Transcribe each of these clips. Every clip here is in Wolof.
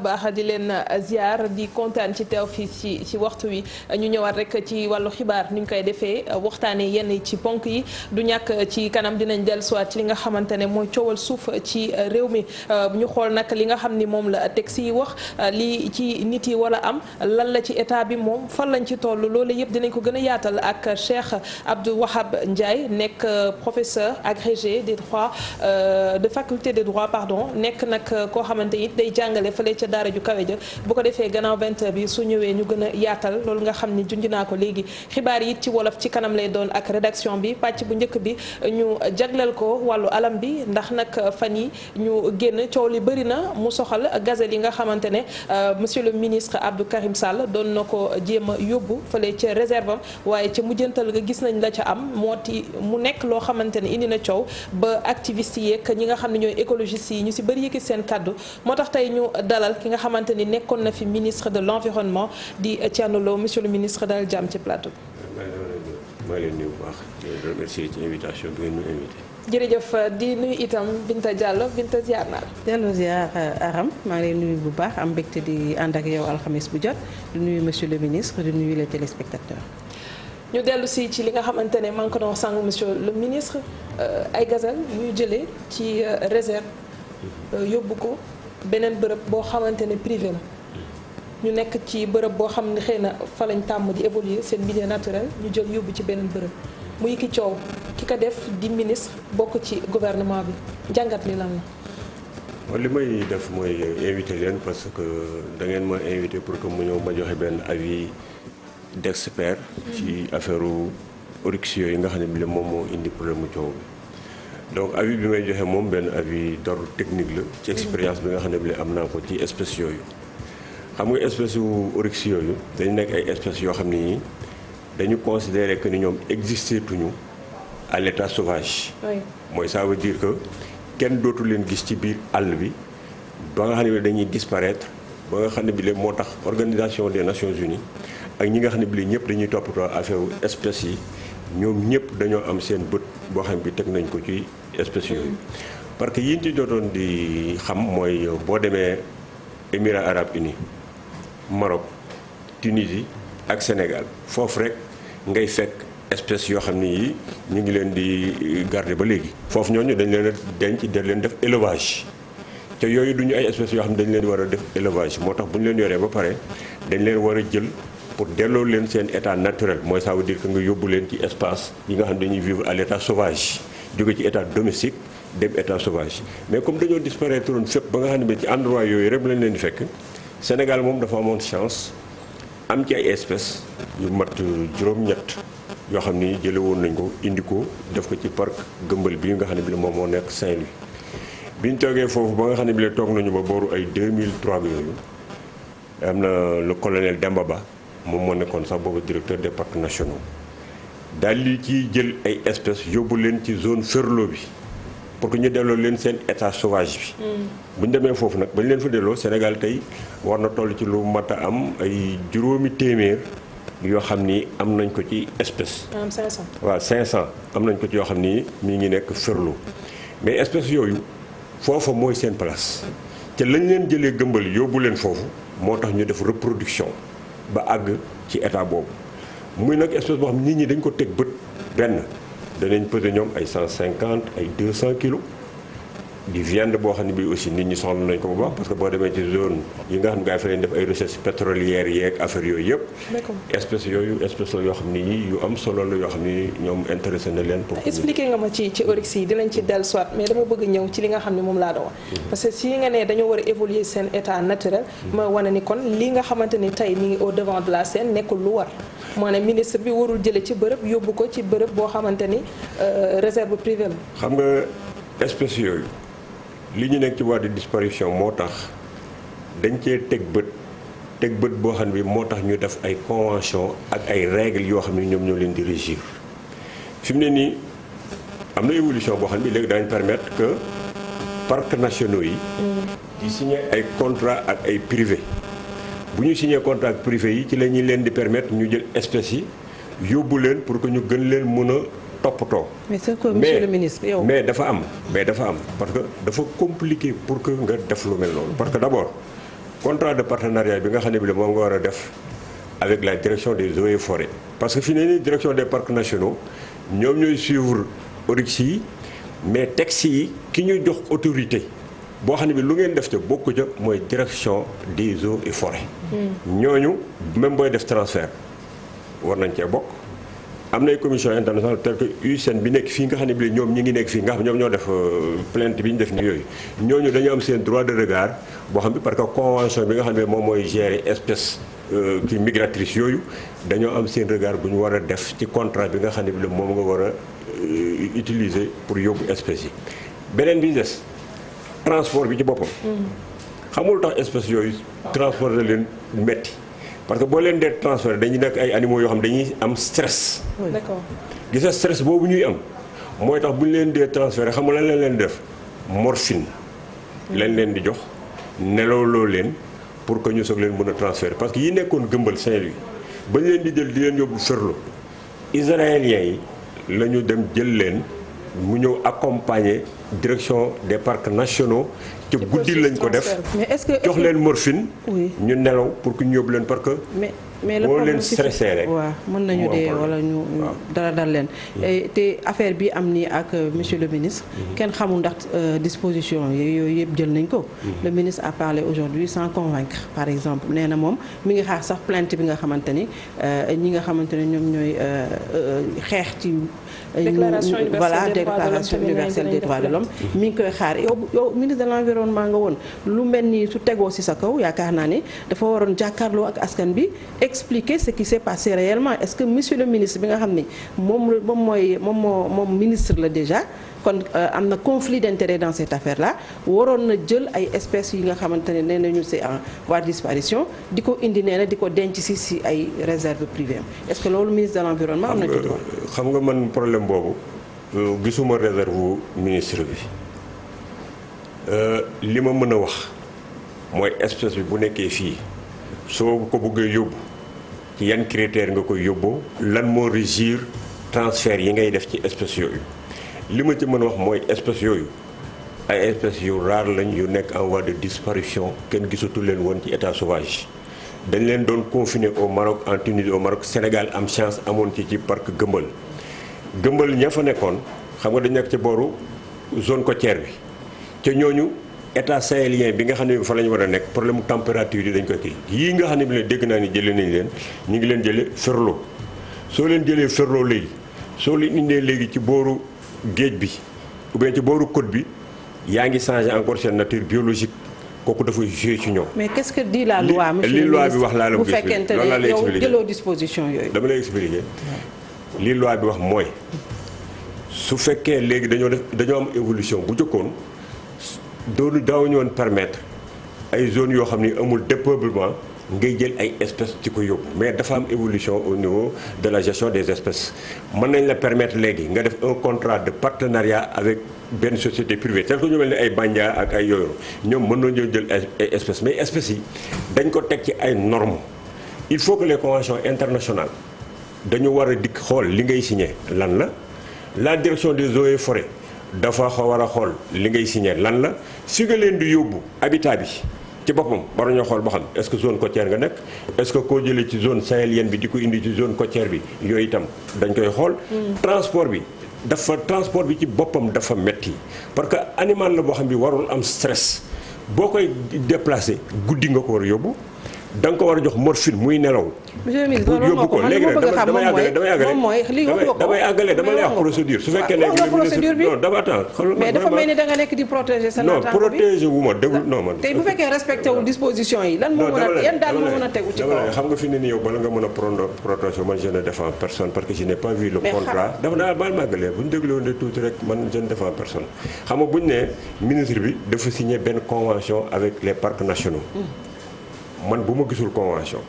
baax di leen uh, ziar di kontaan ci teew fii ci ci waxtu wi uh, ñu ñëwaat rek ci wàllu xibaar ni ñu koy defee uh, waxtaanee yenn ci ponk yi du ñàkk ci kanam dinañ dellu siwaat ci li nga xamante ne mooy coowal suuf ci réew mi ñu xool nag li nga xam ni moom la teg si wax li ci nit yi wala am lan la ci état bi moom fan lañ ci toll loolu yëpp dinañ ko gën a yaatal ak Cheikh Abdou Wahab njaay nekk professeur agrégé des droits de faculté de droit pardon nekk nag koo xamante it day jàngale fële ca daara ju kawe ja bu ko defee gannaaw 20 bi su ñëwee ñu gën a yaatal loolu nga xam ni junj naa ko léegi xibaar yi ci wolof ci kanam lay doon ak rédaction bi pàcc bu njëkk bi ñu jagleel ko wàllu alam bi ndax nag fan yi ñu génn coow li bëri na mu soxal gazelle yi nga xamante ne euh, monsieur le ministre Abdou Karim Sall doon na ko jéem a yóbbu fële ca réserve am waaye ca mujjantal nga gis nañ la ca am moo ti mu nekk loo xamante ne indi na coow ba activiste yeeg ñi nga xam ne ñooy écologistes yi ñu si bëri yëkki seen kàddu ki nga xamante ni nekkoon na fi ministre de l'environnement di Thierno Lo monsieur le ministre daal jàmm ci plateau maa ngi leen nuyu bu di bi ngeen nuyu itam Binta Diallo Binta ziar naa la. Diallo euh, Aram maa ngi lay nuyu bu baax am mbégte di ànd ak yow alxames bu jot di nuy monsieur le ministre di nuyu les téléspectateurs. ñu dellu si ci li nga xamante ne man ko doon wax sànq monsieur le ministre euh, ay gazelle ñu jële ci euh, réserve yóbbu ko. beneen bërëb boo xamante ne privé la ñu nekk ci bërëb boo xam ne xëy na falañ tàmm di évoluer seen milieu naturel ñu jël yóbbu ci beneen bërëb muy ki coow ki ko def di ministre bokk ci gouvernement bi jàngat li lan la. li may def mooy invité leen parce que da ngeen ma invité pour que mu ñëw ma joxe benn avis d'expert. ci affaire u oryx yooyu nga xam ne bi moom moo indi problème mu coow donc avis bi may joxe moom benn avis d'ordre technique la ci expérience bi nga xam ne bi am naa ko ci espèce yooyu xam nga espèce yu oryx yooyu dañu nekk ay espèces yoo xam ne nii dañu considérer que ni ñoom existé tuñu à l'état sauvage mooy ça veut dire que kenn dootu leen gis ci biir àll bi ba nga xam ne bi dañuy gis disparaître ba nga xam ne bi leen moo tax organisation des nations unies ak ñi nga xam ne bi ñëpp dañuy toppatoo affaire espèces yi ñoom ñëpp dañoo am seen bët boo bi teg nañ ko ci espèces yooyu parce que yiñ ci doon di xam mooy boo demee Émirats arab uni Maroc Tunisie ak Sénégal foofu rek ngay fekk espèces yoo xam ne yii ñu ngi leen di garder ba léegi. foofu ñooñu dañu leen a denc dañ leen def élevage te yooyu du ñu ay espèces yoo xam ne dañ leen war a def élevage moo tax bu ñu leen yoree ba pare dañ leen war a jël. pour delloo leen seen état naturel mooy ça veut dire que yóbbu leen ci espace yi nga xam ne dañuy vivre à l' état sauvage jóge ci état domestique dem état sauvage mais comme dañoo disparaître woon fépp ba nga xam ne ci endroit yooyu rek lañ leen di fekk Sénégal moom dafa amoon chance am ci ay espèces yu mat juróom-ñett yoo xam ni jële woon nañ ko indi ko def ko ci parc gëmbal bi nga xam ne bi moom moo nekk Saint-Louis bi ñu toogee foofu ba nga xam ne bi toog nañu ba booru ay 2003 bi yooyu am na le Demba Ba moom moo nekkoon sax boobu directeur des parcs nationaux daal di ci jël ay espèces yóbbu leen ci zone ferlo bi pour que ñu delloo leen seen état sovage bi. Mm. bu ñu demee foofu nag bañ leen fa delloo Sénégal tey war na toll ci lu mat a am ay juróomi téeméer yoo xam ni am nañ ko ci espèce. waa 500. waaw 500 am nañ ko ci yoo xam ni mi ngi nekk ferlo mais espèce yooyu foofa mooy seen place te lañ leen jëlee gëmbal yóbbu leen foofu moo tax ñu def reproduction. ba àgg ci état boobu muy nag espèce boo xam nit ñi dañ ko teg bët benn danañ peser ñoom ay 150 ay 200 kilos di viande boo xam ne bii aussi nit ñi soxla nañ ko bu baax parce que boo demee ci zone yi nga xam ne gaa yi fa leen def ay recherches pétrolières yeeg affaire yooyu yëpp. espèce yooyu espèce la yoo na leen. pour expliqué nga ne moom laa doon mhm. parce que si nga ne dañoo mhm. nga xamante ni tey mi ngi au devant de la scène nekkul lu war. maanaam ministre bi warul jële ko ci bërëb boo xamante ni euh, réserve privée la. xam nga espèce yooyu li ñu nekk ci waa de disparition moo tax dañ cee teg bët teg bët boo xam ne moo tax ñu def ay convention ak ay règles yoo xam ne ñoom ñoo leen di régir fi mu ne nii am na évolution boo xam ne léegi danañ permettre que parcs nationaux yi. di signé ay contrat ak ay privé bu ñu signé contrat ak privé yi ci la ñuy leen di permettre ñu jël espèces yi yóbbu leen pour que ñu gën leen mën a. toppatoo. mais ce que monsieur le mais dafa am mais dafa am parce que dafa compliqué pour que nga def lu mel noonu. parce que d' abord contrat de partenariat bi nga xam ne bi moom nga war a def avec la direction des eaux et forêts. parce que fi ne nii direction des parcs nationaux ñoom ñooy suivre ORIX yi mais texte yi ki ñu jox autorité. boo xam ne bi lu ngeen def ca bokku ca mooy direction des eaux et forêts. Hmm. ñooñu même booy def transfert war nañ cee bokk. am nay commission internationale tel que USN bi nekk fii nga xam ne bii ñoom ñi ngi nekk fii nga xam ñoom ñoo def euh, plainte bi ñu def nii yooyu ñooñu dañoo am seen droit de regard boo xam bi parce que convention bi nga xam ne moom mooy gérer espèce euh, kii yooyu dañoo am seen regard bu ñu war a def ci contrat bi nga xam ne bii moom nga war a euh, utiliser pour yóbbu espèce yi beneen bi ñu des transport bi ci boppam. Mm-hmm. xamul tax espèce yooyu transport la leen metti parce que boo leen dee transféré dañu nekk ay animaux yoo xam dañuy am stress. d'accord gis stress boobu ñuy am mooy tax bu ñu leen dee transféré xam nga lan lañ leen def morphine. leen leen di jox nelawloo leen pour que ñu soog leen mën a transféré parce que yi nekkoon gëmbal Saint-Louis ba ñu leen di jël di leen yóbbu Ferlo israéliens yi la ñu dem jël leen mu ñëw accompagner. direction des parcs nationaux ci guddi lañ ko def jox leen morphine ñu nelaw pour que ñu yóbbu leen parce que mais la leen stressé rek waaw mën nañu dee wala ñu dara dal leen. Mm-hmm. te affaire bi am nii ak euh, monsieur le ministre. Mm-hmm. kenn xamul ndax euh, disposition yooyu yëpp jël nañ ko. Mm-hmm. le ministre a parlé aujourd'hui sans convaincre par exemple nee na moom mi ngi xaar sax plant bi nga xamante ni euh, ñi nga xamante ne ñoom ñooy xeex ci. déclaration universelle voilà déclaration universelle des droits de l'homme mi ngi koy xaar yow yow ministre de l'environnement nga woon lu mel nii su tegoo ci sa kaw yaakaar naa ni dafa waroon jàkkaarloo ak askan bi. expliquer ce qui s'est passé réellement est-ce que monsieur le ministre bi nga xam ni moom moom mooy moom moo moom ministre la déjà kon euh, am na conflit d'intérêt dans cette affaire la waroon na jël ay espèces yi nga xamante ne nee nañu c'est en voie disparition di ko indi nee di ko denc si si ay réserve privée est-ce que loolu ministre de l'environnement am na ci droit xam nga man problème boobu euh, gisuma réserve ministre bi euh, li ma mën a wax mooy espèce bi bu nekkee fii soo ko bëggee ci yan critère nga koy yóbboo lan moo régir transfert yi ngay def ci espèces yooyu li ma ci mën wax mooy espèces yooyu ay espèces yu raar lañ yu nekk en voie de disparition kenn gisatu leen woon ci état sauvage dañ leen doon confiné au Maroc en Tunisie au Maroc Sénégal am chance amoon ci ci parc Gëmbal Gëmbal ña fa nekkoon xam nga dañ nekk ci booru zone côtière bi te ñooñu état sahélien bi nga xam ne fa la ñu war a nekk problème mu température yi dañ koy kii yii nga xam ne bi leen dégg naa ni jëlee nañ leen ñu ngi leen jële Ferlo soo leen jëlee Ferlo léegi soo leen indee léegi ci booru géej bi ou bien ci booru côte bi yaa ngi changé encore seen nature biologique kooku dafay joué ci ñoom. mais quest que di la loi monsieur li loi bi wax laa la bu fekkente ne yow jëloo disposition yooyu. dama lay expliquer li loi bi wax mooy su fekkee léegi dañoo def dañoo am évolution bu jëkkoon. doonu daawuñu woon permettre ay zones yoo xam ni amul dépeuplement ngay jël ay espèces ci ko yóbbu mais dafa am évolution au niveau de la gestion des espèces mën nañ la permettre léegi nga def un contrat de partenariat avec benn société privée tel que ñu ñëwal ni ay Bandia ak ay yooyu ñoom mën nañoo jël ay espèces mais espèces yi dañ ko teg ci ay normes il faut que les conventions internationales dañu war a dikk xool li ngay siñe lan la la direction des eaux et forêts dafa war a xool li ngay signé lan la fi nga leen di yóbbu habitat bi ci boppam war ñoo xool boo xam est-ce que zone côtière nga nekk est-ce que ko jëlee ci zone sahélienne bi di ko indi ci zone côtière bi yooyu itam dañ koy xool. Hmm. transport bi dafa transport bi ci boppam dafa metti parce que animal la boo xam bi warul am stress boo koy déplacé guddi nga ko war a yóbbu. da ko war a jox morphine muy nelaw. monsieur le ministre loolu wax nga ma bëgg a xam damay àggale damay lay wax procédure. su fekkee léegi nag ministre non dafa attend. mais dafa mel ni da nga di protéger sa yi lan moo mën a xam nga fi ne nii yow nga mën a protéger man je ne parce que je n'ai pas vu le contrat. dafa naa baal man je ne défends personne xam nga bu ñu nee ministre bi dafa signé benn convention avec les parcs nationaux mm. man bu ma gisul convention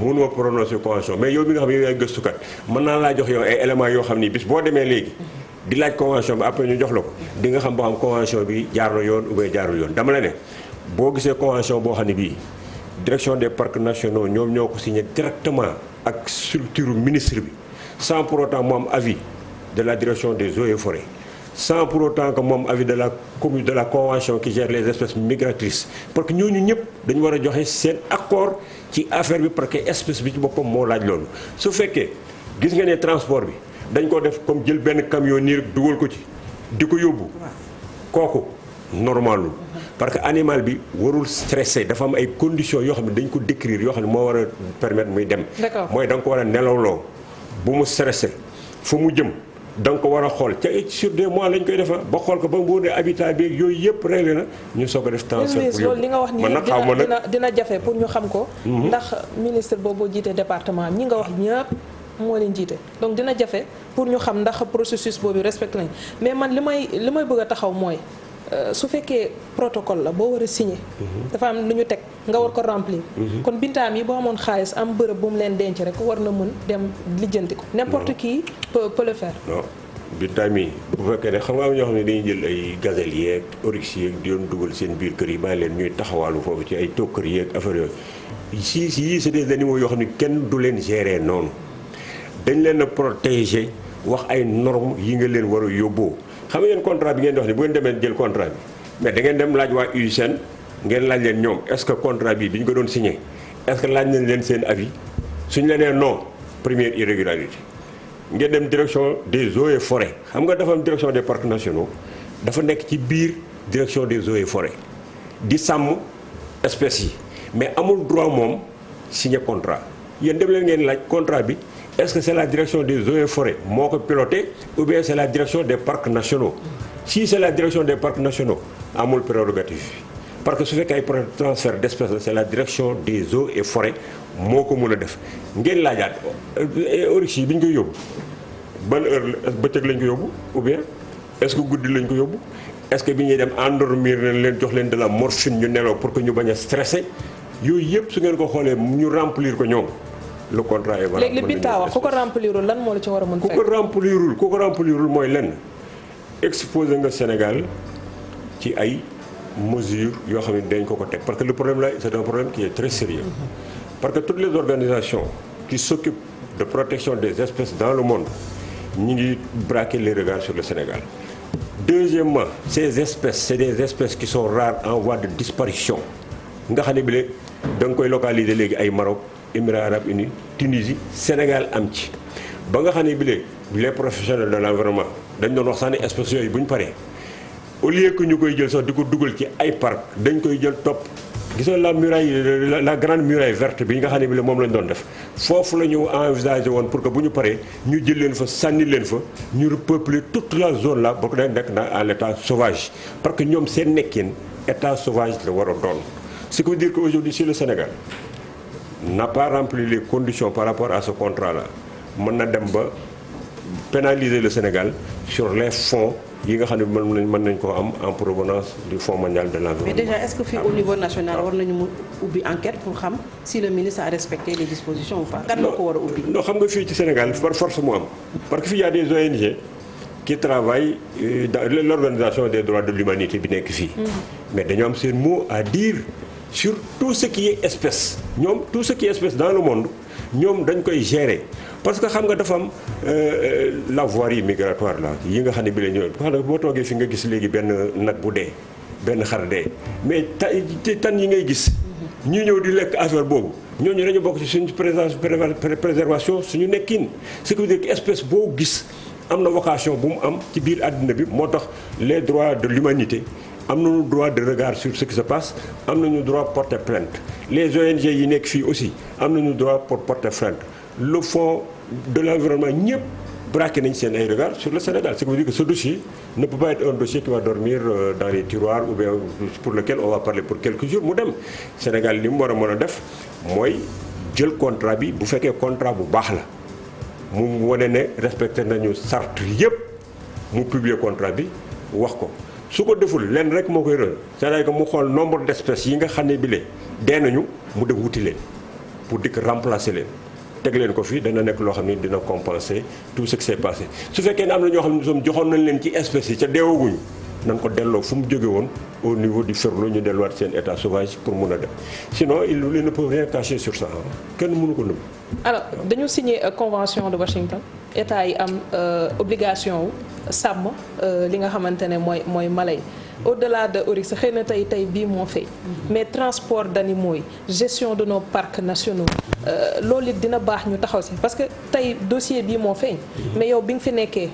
mënu ma prononcé convention mais yow bi nga xam ne yow yaay gëstukat mën naa laa jox yow ay élément yoo xam ni bis boo demee léegi di laaj convention bi après ñu jox la ko di nga xam boo xam convention bi jaar na yoon ou bien jaarul yoon dama la ne boo gisee convention boo xam ne bii direction des parcs nationaux ñoom ñoo ko signé directement ak structure ministre bi sans pour autant mu am avis de la direction des eaux et sans pour autant que moom avis de la commune de la convention qui gère les espèces migratrices parce que ñooñu ñëpp dañu war a joxe seen accord ci affaire bi parce que espèce bi ci boppam moo laaj loolu su fekkee gis nga ne transport bi dañ ko def comme jël benn camion nii rek dugal ko ci di ko yóbbu kooku normalul parce que animal bi warul stressé dafa am ay conditions yoo xam ne dañ ko décrire yoo xam ne moo war a permettre muy dem mooy da ko war a nelawloo bu mu stressé fu mu jëm da ko war a xool ca sur des mois lañ koy defa ba xool ko ba mu ne habitat bi yooyu yëpp réglé na ñu soog a def tension pour loolu li nga wax nii dina dina jafe pour ñu xam ko. Mhm. ndax ministre boobu jiitee département ñi nga wax ñëpp moo leen jiite donc dina jafe pour ñu xam ndax processus boobu respecté nañ mais man li may li may bëgg a taxaw mooy. Euh, su fekkee protocole la boo war a signé. Mhm. dafa am lu ñu teg nga war ko remplir. Mhm. kon bintaam yi boo amoon xaalis am bërëb bu mu leen denc rek war na mën dem lijjanti ko. n'importe kii peut peut le faire. non bintaam yi bu fekkee ne xam nga am ñoo xam ne dañuy jël ay gazelle yeeg oryx yeeg di doon dugal seen biir kër yi bàyyi leen ñuy taxawaalu foofu ci ay tokkër yeeg affaire yooyu. si si c'est des animaux yoo xam ne kenn du leen gérer noonu dañ leen a protéger wax ay normes yi nga leen war a yóbboo. xam nga yéen contrat bi ngeen di wax ni bu ngeen demee jël contrat bi mais da ngeen laaj waa UGN ngeen laaj leen ñoom est ce que contrat bi bi ñu ko doon signé est ce que laaj nañ leen seen avis suñu la nee non première ngeen dem direction des eaux et forêts xam nga dafa am direction des parcs nationaux dafa nekk ci biir direction des eaux et di sàmm espèces yi mais amul droit moom signé contrat yéen dem leen ngeen laaj contrat bi. est-ce que c'est la direction des eaux et forêts moo ko piloté ou bien c'est la direction des parcs nationaux si c'est la direction des parcs nationaux amul prérogative parce que su fekkee ay transfert d'espèces la c'est la direction des eaux et forêts moo ko mën a def ngeen laajaat euh, oryx yi bi ñu koy yóbbu ban heure la bëccëg lañ ko yóbbu ou bien est-ce guddi lañ ko yóbbu est-ce que bi ñuy dem endormir nañ leen jox leen de la morphine ñu neloo pour que ñu bañ a stressé yooyu yëpp su ngeen ko xoolee ñu remplir ko ñoom. le contrat est valable. léegi li Binta ku ko remplirul lan moo la ci war a mën fekk. ku ko remplirul ku ko remplirul mooy lan exposé nga Sénégal ci ay mesures yoo xam ne dañ ko ko teg parce que le problème là c'est un problème qui est très sérieux mhm. parce que toutes les organisations qui s'occupent de protection des espèces dans le monde ñi ngi braquer les regards sur le Sénégal. deuxièmement ces espèces c'est des espèces qui sont rares en voie de disparition nga xam ne bi da nga koy localiser léegi ay Maroc. Émirats arabes unis Tunisie Sénégal am ci ba nga xam ne bi léegi les professionnels de l'environnement dañ doon wax sànni ni espèces bu ñu paree au lieu que ñu koy jël sax di ko dugal ci ay parc dañ koy jël topp gis la muraille la, la grande muraille verte bi nga xam ne bi la moom lañ doon def foofu la ñu envisagé woon pour que bu ñu paree ñu jël leen fa sànni leen fa ñu repeupler toute la zone la boo ko day nekk na à l'état sauvage parce que ñoom seen nekkin état sauvage la war a doon ce qui veut dire Sénégal n'a par rempli les conditions par rapport à ce contrat-là mën na dem ba pénaliser le Sénégal sur les fonds yi nga xam ne mën nañ mën nañ koo am en provenance du Fonds mondial de l'environnement. mais déjà est-ce que fii ah. au niveau national war nañu mu ubbi enquête pour xam si le ministre a respecté les dispositions ou pas. kan moo ko war a ubbi. non xam nga fii ci Sénégal par force mu am parce que fii y a des ONG. qui travaille euh, l'organisation des droits de l'humanité bi nekk fii. Mm-hmm. mais dañoo seen mot à dire sur tout ce qui ñoom tout ce qui espèce dans le monde ñoom dañ koy gérer parce que xam nga dafa am euh, euh, la voirie migratoire la yi nga xam ne bi la ñëw xam nga boo toogee fi nga gis léegi benn nag bu dee benn xar dee mais tan yi ngay gis ñu ñëw di lekk affaire boobu ñooñu dañu bokk ci suñu préservation suñu nekkin ce qui veut dire que espèce boo gis am na vocation bu mu am ci biir àddina bi moo tax les droits de l'humanité am na droit de regard sur ce qui se passe am nañu droit porter plainte les ONG yi nekk fii aussi am nañu droit pour porter plainte le fonds de l'environnement ñëpp braqué nañ seen ay regard sur le Sénégal ce qui veut dire que ce dossier ne peut pas être un dossier qui va dormir euh, dans les tiroirs ou bien pour on va parler pour quelques jours mu dem Sénégal li mu war a mën a def mooy jël contrat bi bu fekkee contrat bu baax la mu wane ne respecté nañu sart yëpp mu publier contrat bi wax ko su ko deful leen rek moo koy rël cest à mu xool nombre d'espèces yi nga xam ne bile dee nañu mu def wuti leen pour dikk remplacer leen teg leen ko fii dana nekk loo xam ne dina compenser tout ce qui su fekkee ne am na ñoo xam ne soom joxoon nañ leen ci espèces yi ca deewaguñu nan ko delloo fu mu jóge woon au niveau du ferlo ñu delluwaat seen état sauvage pour mun a def sinon il ne peut rien cacher sur ça kenn mënu ko nëbb alors dañu signé euh, convention de Washington état yi am euh, obligation wu sàmm euh, li nga xamante ne mooy mooy mala yi au-delà de oryx xëy na tey tey bii moo fay mais transport d'animaux yi gestion de nos parcs nationaux euh, loolu it dina baax ñu taxaw si parce que tey dossier bii moo feeñ mais yow bi nga fi nekkee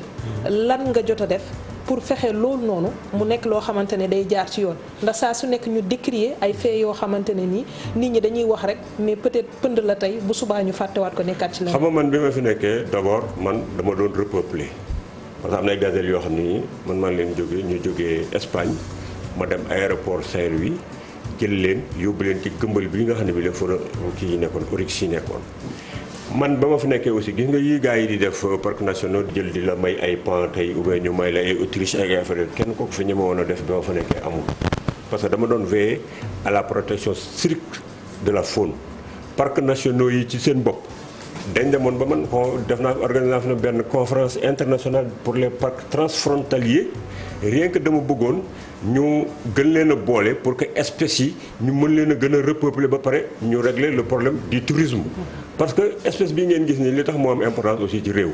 lan nga jot a def pour fexe loolu noonu mu nekk loo xamante ne day jaar ci yoon ndax saa su nekk ñu décrier ay faits yoo xamante ne nii nit ñi dañuy wax rek mais peut-être pënd la tey bu subaa ñu fàttewaat ko nekkaat ci la. xam nga man bi ma fi nekkee d'abord man dama doon repeupler parce que am na ay yoo xam ne nii man man leen jógee ñu jógee Espagne ma dem aéroport Saint-Louis jël leen yóbbu leen ci gëmbal bi nga xam ne bi la fa kii yi nekkoon orix yi nekkoon. man ba ma fi nekkee aussi gis nga yii gars yi di def euh, parc national jël di la may ay pan tey ou bien ñu may la ay autriche ay affaire kenn kooku fi ñeme woon a def ba ma fa nekkee amul parce que dama doon veiller à la protection stricte de la faune parc nationaux yi ci seen bopp dañ demoon ba man def naa organisation na benn conférence internationale pour les parcs transfrontaliers rien que dama bëggoon ñu gën leen a boole pour que espèces yi ñu mën leen a gën a repeupler ba pare ñu régler le problème du tourisme parce que espèce bi ngeen gis ni li tax moo am importance aussi ci réew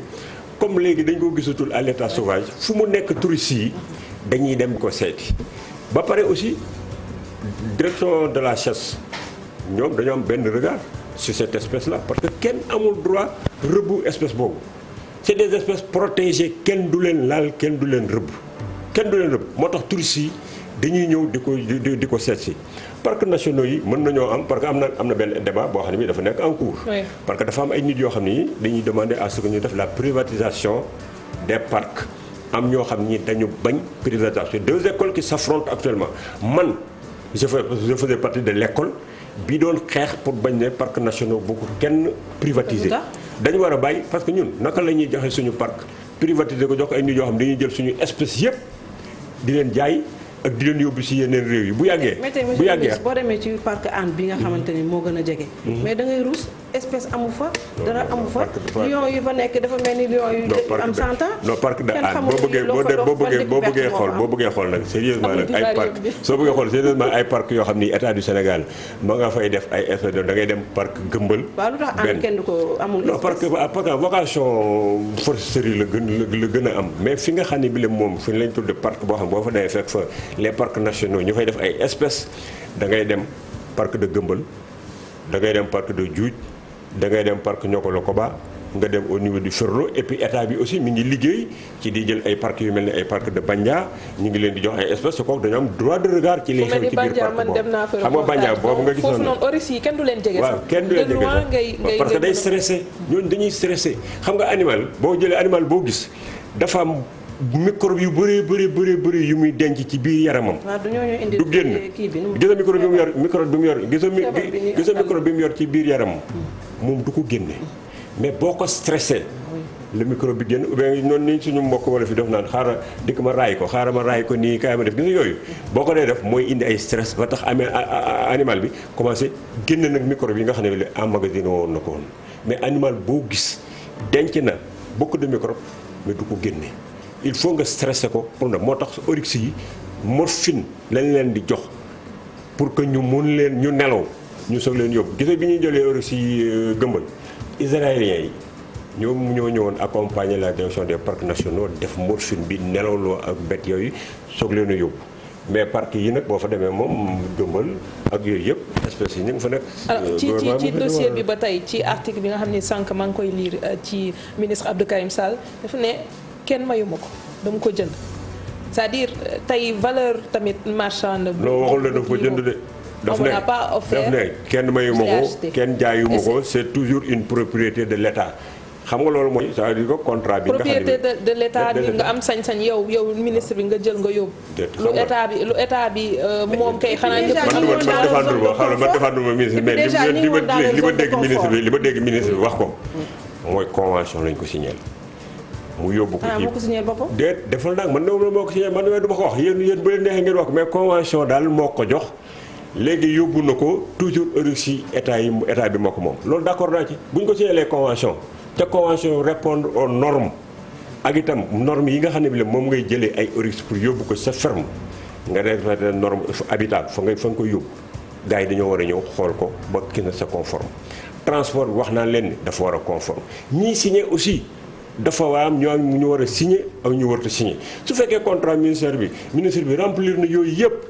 comme léegi dañ ko gisatul à l'état sauvage fu mu nekk touristes yi dañuy dem ko seeti ba pare aussi direction de la chasse ñoom dañoo am benn regard sur cette espèce la parce que kenn amul droit rëbbu espèce boobu c'est des espèces protégées kenn du leen laal kenn du leen rëbb kenn du leen rëbb moo tax touristes yi di ñuy ñëw di ko di ko seet si parcs nationaux yi mën nañoo am parce que am na am na benn débat boo xam ne bi dafa nekk en cours. parce que dafa am ay nit yoo xam ni dañuy demander à ce ñu def la privatisation des parcs am ñoo xam nii dañu bañ privatisation deux écoles qui s'affrontent actuellement man je fais je faisais partie de l'école bi doon xeex pour bañ ne parcs nationaux bu ko kenn privatiser dañu war a bàyyi parce que ñun naka la ñuy joxe suñu parc privatiser ko jox ko ay yoo xam dañuy jël suñu espèce yëpp di leen jaay. ak di leen yóbbu si yeneen réew yi bu yàggee. bu yàggee boo demee ci parc Hann bi nga xamante ni moo gën a jege. Mm-hmm. mais da ngay ruus. espèce amu fa. dara amu fa lion yu fa nekk dafa mel ni lion yu. am cent ans non de Hann ah, boo bëggee boo bëggee boo bëggee boo bëggee xool nag sérieusement nag ay parc soo bëggee xool sérieusement ay parc yoo xam ni état du Sénégal ma nga fay def ay espèce da ngay dem parc gëmbal. waaw ko amul. non parc parce que ah, vocation la gën la gën am mais fi nga xam ne bi moom fi lañ tudde parc boo xam boo fa demee fekk fa les parcs ñu fay def ay espèces da ngay dem parc de gëmbal da dem parc de Djoudj da ngay dem parc Niokolo-Koba nga dem au niveau du Ferlo et puis état bi aussi mi ngi liggéey ci di jël ay parc yu mel ni ay parc de Bandia ñu ngi leen di jox ay espèces kooku dañu am droit de regard. ci li xew ci biir parc boobu xam nga Bandia boobu nga gis noonu. foofu que day stressé. ñooñu dañuy stressé xam nga animal boo jëlee animal boo gis dafa am microbe yu bëree bëri bëri bëri yu muy denc ci biir yaramam. du génn gis nga microbe bi mu yor microbe bi mu yor gis nga microbe bi mu yor ci biir yaramam moom du ko génne mais boo ko stressé le micro bi génn ou bien noonu ni suñu mbokk wala fi def naan xaaral dikk ma raay ko xaaral ma raay ko nii kaay ma def gis yooyu boo ko dee def mooy indi ay stress ba tax amee animal bi commencé génn nag micro bi nga xam ne emmagasiné woon na ko mais animal boo gis denc na bokk de microbes mais du ko génne il faut nga stressé ko pour nag moo tax oryx yi morphine lañ leen di jox pour que ñu mun leen ñu nelaw ñu soog leen yóbbu gisee bi ñuy jëlee Russie yi euh, gëmbal israéliens yi ñoom ñoo ñëwoon accompagner la direction des parcs nationaux def morphine bi loo ak bët yooyu soog leen a yóbbu mais parc yi nag boo fa demee moom gëmbal ak yooyu yëpp espèce yi ñu ngi fa nekk. Euh, ci ci ci dossier bi ba tey ci article bi nga xam ni sànq maa ngi koy lire euh, ci ministre Abdou Karim Sall dafa ne kenn mayu ma ko dama ko jënd cest à tey valeur tamit marchande. loo waxul la daf ko jënd de. daf ne daf kenn mayu ma ko kenn jaayuma ko c'est toujours une propriété de l'État xam nga loolu mooy c'est-à-dire contrat bi. nga xam ne propriété nga am sañ-sañ yow yow ministre bi nga jël nga yóbbu. lu état bi lu euh, bi moom kay xanaa ñëpp. man ma xaaral man défendre ma li ma li ma dégg ministre bi li ma dégg ministre bi wax ko. mooy convention lañ ko signé. mu yóbbu ko ah, ci déet defal nag man ne ma ko signé man du ma ko wax yéen yéen bu leen neexee ngeen wax mais convention daal moo ko jox. léegi yóbbu na ko toujours Russie état yi état bi moo ko moom loolu d'accord naa ci bu ñu ko signalee convention te convention répondre aux normes ak itam normes yi nga xam ne bi la moom ngay jëlee ay Oryx pour yóbbu ko sa ferme nga def la norme habitat fa nga fa ko koy yóbbu gars yi dañoo war a ñëw xool ko ba kii na sa conforme transport bi wax naa leen ni dafa war a conforme ñii signé aussi dafa am ñoo ñu war a signé ak ñu warut a su fekkee contrat ministère bi ministre bi remplir na yooyu yëpp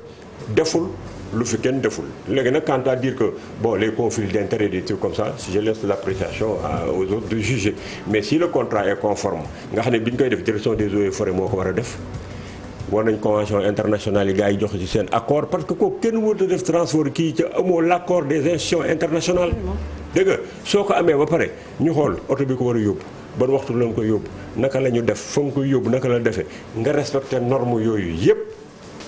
deful lu fi kenn deful léegi nag quant à dire que bon les conflits d'intérêts des trucs comme ça je laisse l'appréciation euh, aux autres de juger mais si le contrat est conforme nga xam ne bi ñu koy def direction des eaux et moo ko war a def war nañ convention internationale yi gars yi joxe ci seen accord parce que kooku kenn warut a def transport kii ca amoo l' de des institutions internationales dégg soo ko amee ba pare ñu xool oto bi ko war a yóbbu ban waxtu lañ koy yóbbu naka la ñu def fa nga naka la defee nga respecté norme yooyu yëpp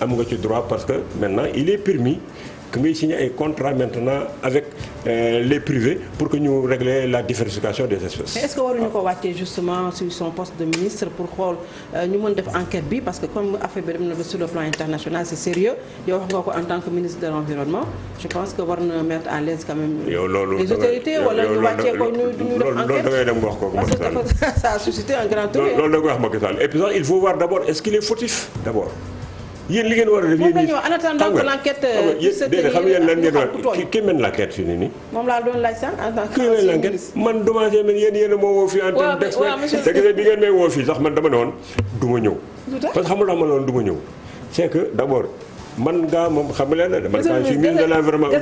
am nga ci droit parce que maintenant il est permis que ngay signer ay contrat maintenant avec euh, les privés pour que ñu régler la diversification des espèces. est-ce que waruñu ko wàccee justement son poste de ministre pour xool euh, ñu mën def enquête bi parce que comme affaire bi dem na ba le plan international c'est sérieux yow wax nga ko en tant que ministre de l'environnement je pense que war na mettre à l'aise quand même. yow autorités wala ñu a suscité un yéen li ngeen war a def yéen ñi en attendant que l'enquête euh, déedéet xam ngeen lan ngeen war ki mène l'enquête fii nii nii moom laa doon laaj sax en tant que man dommage man yéen yéen a moo woo fii en tant que bi ngeen may woo fii sax man dama ne woon du ñëw parce que xamul ma ne woon ñëw xam leen ne man quand je suis ministre de l'environnement et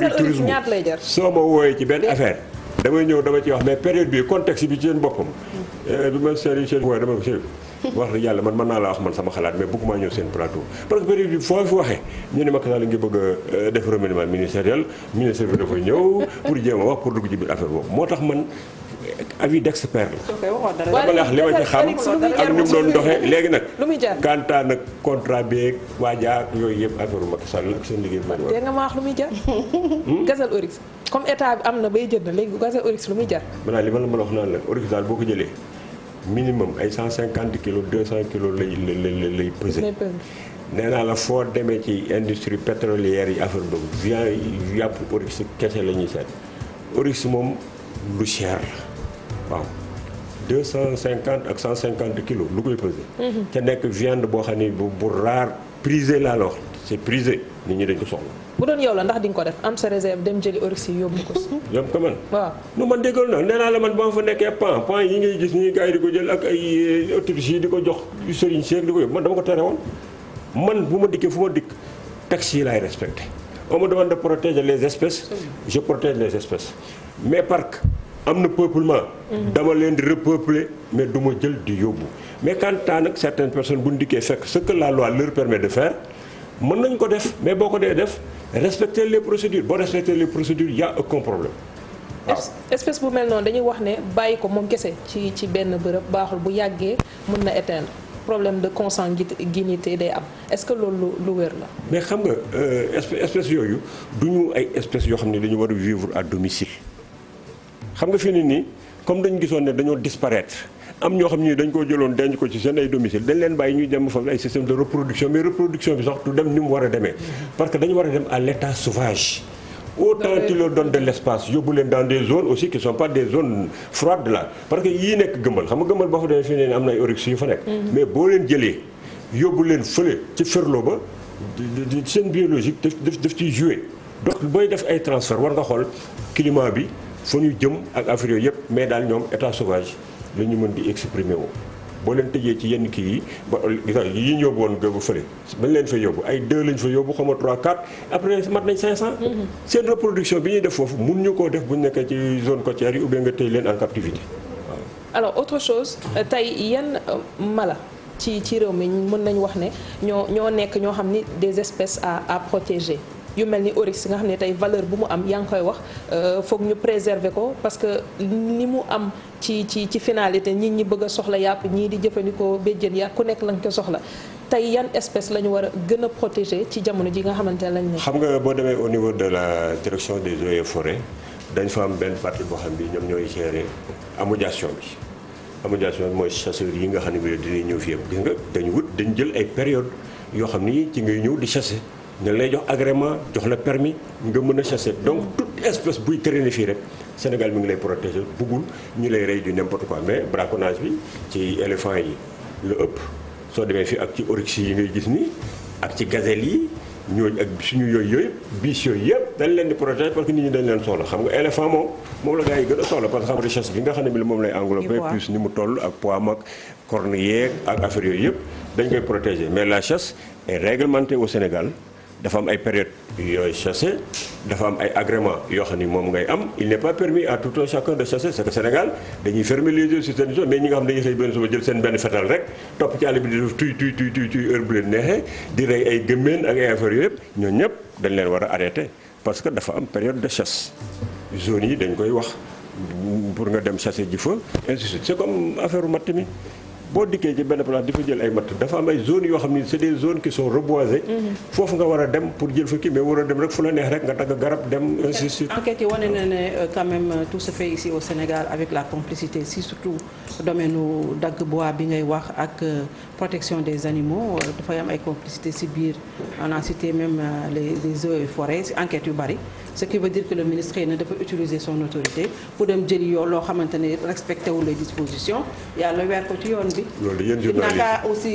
du soo ma wooyee ci benn affaire damay ñëw dama ci wax mais période bi contexte bi ci seen boppam bi mm. eh, ma seri seen wooye dama ko wax dëgg yàlla man mën naa laa wax man sama xalaat mais bëgg maa ñëw seen plateau parce que période bi foo fi waxee ñu ne ma Sall ngi bëgg a euh, def remaniement ministériel ministre bi dafa ñëw pour jéem a wax pour dugg ci biir affaire boobu moo tax man euh, avis d'expert la dama la wax li ma ci xam ak ni contrat beeg waajaak yooyu yëpp affaire Macky Sall ak seen liggéey boobu dégg nga ma wax lu muy jar hmm? gazelle oryx comme état am na bay jënd léegi gazelle oryx lu muy jar a wax naan la oryx minimum ay 150 kilos 200 kilos lay lay lay peser. nee naa la foo demee ci industrie pétrolière yi affaire boobu viande yàpp oryx kese la ñuy seet oryx moom lu cher la waaw 250 ak cent cinquante kilos lu koy peser. Mhm. te nekk viande boo xam ne bu bu rare prisé laa la wax c'est prisé nit ñi dañ ko soxla. bu doon yow la ndax di nga ko def am sa réserve dem jëli oryx yi yóbbu ko si. yóbbu ko man waaw. nu man déggal na nee man ba ma fa nekkee pan pan yi ngay gis nii gars di ko jël ak ay eh, autobus yi di ko jox sëriñ Cheikh di ko yóbbu man dama ko tere woon man bu ma dikkee fu ma dikk taxi yi laay respecte on me demande de protéger les espèces. je protège les espèces mais parc. am na peuplement. Mhm. dama leen di repeupler mais du ma jël di yóbbu mais quant à nag certaines personnes bu ñu dikkee fekk ce que la loi leur nañ ko def mais boo ko dee def. respecter les procédures boo respecter les procédures y a aucun problème waaw espèce bu mel noonu dañuy wax ne bàyyi ko moom kese ci ci benn bërëb baaxul bu yàggee mën na éteindre problème de consanguinité day am est-ce que loolu lu wér la. mais xam nga euh, espèce yooyu du ñu ay espèces yoo xam ne dañu war a vivre à domicile xam nga fi fii nii comme dañu gisoon ne dañoo disparaitre am ñoo xam ni dañ koo jëloon denc ko ci seen ay domicile dañ leen bàyyi ñuy dem foofu ay système de reproduction mais reproduction bi sax du dem ni mu war a demee parce que dañu war a dem à l'état sauvage autant de l'espace yóbbu leen dans des que yii nekk nga gëmbal boo am na ay oryx yu fa nekk mhm. mais leen jëlee yóbbu leen fële ci biologique daf daf ciy joué donc booy def ay transfert war nga bi fa ñu jëm ak affaire yooyu yëpp mais daal ñoom état sauvage la ñu mën di exprimer woo boo leen tëjee ci yenn kii yi ba yi ñu yóbbu woon gëbu fële bañ leen fa yóbbu ay 2 lañ fa yóbbu xama 3 4 après mat nañ 500. Mhm. seen reproduction bi ñuy def foofu mun ñu koo def bu nekk nekkee ci zone côtière yi ou nga tëj leen en captivité waaw. alors autre chose tey yan mala. ci ci réew mi mën nañu wax ne ñoo ñoo nekk ñoo xam ni des espèces à à protéger. yu mel ni Oryx nga xam ne tey valeur bu mu am yaa ngi koy wax euh, foog ñu préserver ko parce que ni mu am ci ci ci finalité nit ñi bëgg soxla yàpp ñii di jëfandikoo béjjën yàpp ku nekk lañ ko soxla tey yan espèce la ñu war a gën a protéger ci jamono ji nga xamante ne lañ ne. xam nga boo demee au niveau de la direction des eaux et forêts dañ fa am benn partie boo xam bi ñoom ñooy gérer amodiation bi. amodiation bi mooy chasseurs yi nga xam ne bi dinañ ñëw fi yëpp gis nga dañu wut dañu jël ay période yoo xam ni ci ñëw di chasser. dañ lay jox agrément jox la permis nga mën a chasser donc toute espèce buy traîner fii rek Sénégal mi ngi lay protéger buggul ñu lay rey du n'importe quoi mais braconnage bi ci éléphant yi la ëpp soo demee fii ak ci oryx yi ngay gis nii ak ci gazelle yi ñooñu ak suñu yooyu yooyu bis yooyu yëpp dañ leen di protéger parce que nit ñi dañ leen soxla xam nga éléphant moom moom la gars yi gën a soxla parce que xam nga xam ne bi la moom lay englobé plus ni mu toll ak poids mag corne yeeg ak affaire yooyu yëpp dañ koy protéger mais la chasse est réglementée Sénégal dafa am ay période yooyu chasser dafa am ay agrément yoo xam ni moom ngay am il n'est pas permis à tout un de chasser c'est que Sénégal dañuy fermer les yeux seen zone mais nga xam dañuy xëy benn suba jël seen benn fetal rek topp ci àll bi di def tuy tuy tuy heure bu neexee di rey ay gëmmeen ak ay affaire yooyu yëpp ñoo ñëpp dañ leen war a parce que dafa am période de chasse zone yi dañ koy wax pour nga dem chasser ji fa ainsi de suite affaire u boo dikkee ci benn place di fa jël ay matt dafa am ay zones yoo xam ni c'est des zones qui sont reboisées. Mm-hmm. foofu nga war a dem pour jël fa kii mais war a dem rek fu la neex rek nga dagg garab dem. ainsi de suite enquête na ne euh, quand même euh, tout se fait ici au Sénégal avec la complicité si surtout domaine nu dagg bois bi ngay wax ak euh, protection des animaux dafay am ay complicité si biir on a même les les eaux et si enquête yu bari. ce qui veut dire que le ministre xëy na dafa utiliser son autorité pour dem jëli yoo loo xamante ne respecté wu les dispositions yàlla weer ko ci yoon bi. loolu yéen journaliste aussi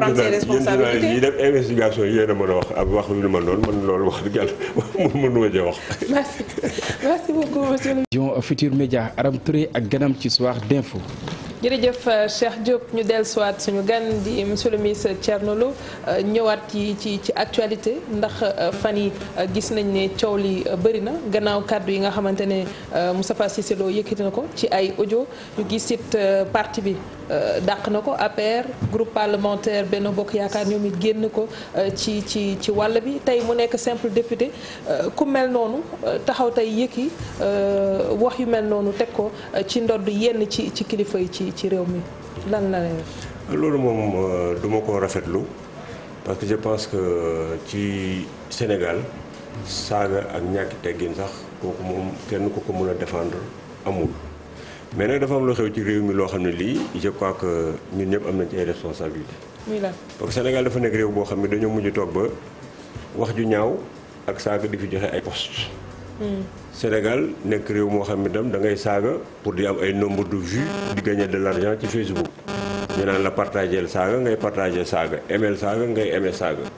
prendre ses responsabilités loolu yéen journaliste yi def investigation yi yéen a mën a wax ab wax lu ma doon man loolu wax dëgg yàlla mënuma jë wax. merci merci beaucoup monsieur le. Futur Média Aram Touré ak ganam ci soir d'info. jërëjëf euh, Cheikh Diop ñu dellu siwaat suñu gan di monsieur le ministre Thierno Lo euh, ñëwaat ci ci ci actualité ndax euh, fan yi gis nañ ne coow li bëri na gannaaw kàddu yi nga xamante ne Moustapha Cissé na ko ci ay audio ñu gis it parti bi. Euh, dàq na ko APR groupe parlementaire Benno Bokk Yaakaar ñoom it génn ko euh, ci ci ci wàll bi tey mu nekk simple député euh, ku mel noonu taxaw tey yëkki wax yu mel noonu teg ko ci ndodd yenn ci ci kilifa yi ci ci réew mi lan la loolu moom du ma ko rafetlu parce que je pense que ci Sénégal saaga ak ñàkk teggin sax kooku moom kenn ku ko mën a défendre amul mais nag dafa am loo xew ci réew mi loo xam ne lii je crois que ñun ñëpp am na ci ay responsabilité parce que Sénégal dafa nekk réew boo xam ne dañoo mujj toog ba wax ju ñaaw ak saaga di fi joxe ay poste hmm. Sénégal nekk réew moo xam ne tam da ngay saaga pour di am ay nombre de vues di gagner de l'argent ci Facebook ñu naan la partagel saaga ngay partagel saaga emel saaga ngay emel saaga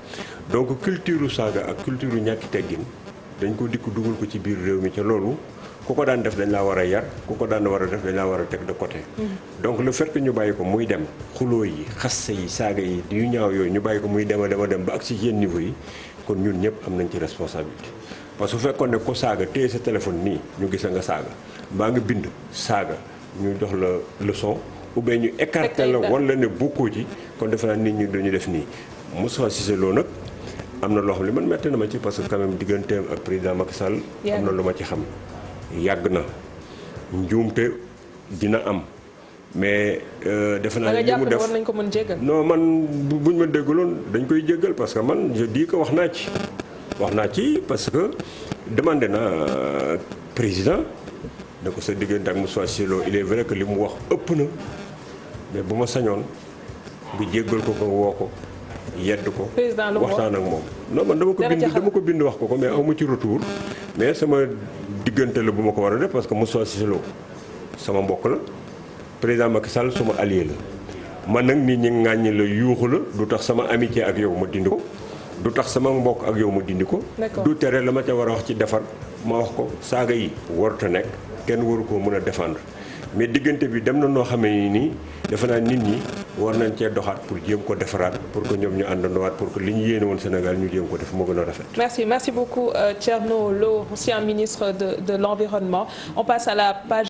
donc culture saaga ak culture ñàkki teggin dañ ko dikk dugal ko ci biir réew mi ca loolu ku ko daan def dañ laa war a yar ku ko daan war a def dañ laa war a teg de côté. Mm-hmm. donc le fait ñu bàyyi ko muy dem xuloo yi xasse yi saaga yi yu ñaaw yooyu ñu bàyyi ko muy dem a dem a dem ba ak si yenn niveau yi kon ñun ñëpp am nañ ci responsabilité. parce su fekkoon ne ko saaga téye sa téléphone nii ñu gis nga saaga mbaa nga bind saaga ñu jox la leçon ou bien ñu écarté la wan la ne bokkoo ci kon defe naa nit ñi dañu def nii Moussa Cissé Lo nag am na loo xam ne man metti na ma ci parce que quand même digganteem ak président Macky Sall am na lu ma ci xam yàgg na njuumte dina am mais euh, defe naa li mu def war ko mën jéggal non man buñ ma déggaloon dañ koy jéggal parce que man je dis que wax naa ci wax naa ci parce que demandé naa euh, président da ko sa diggante ak Moussa Cissé Lo il est vrai que li mu wax ëpp na mais bu ma sañoon bu jéggal ko ko woo ko yedd ko waxtaan ak moom non man dama ko bind dama ko bind wax ko ko mais amu ci retour mais sama diggante la bu ma ko war a def parce que Moussa Cissé Lo sama mbokk la président Macky Sall suma allié la man nag nit ñi ŋàññi la yuuxu la du tax sama amitié ak yow ma dindi ko du tax sama mbokk ak yow ma dindi ko du tere la ma ca war a wax ci defar ma wax ko saaga yi warut a nekk kenn waru koo mën a défendre mais diggante bi dem na noo xamee ni nii defe naa nit ñi war nañ cee doxaat pour jéem ko defaraat pour que ñoom ñu àndandowaat pour que li ñu yéene woon Sénégal ñu jéem ko def moo gën a rafet. merci merci beaucoup euh, ancien ministre de l'environnement on passe à la page.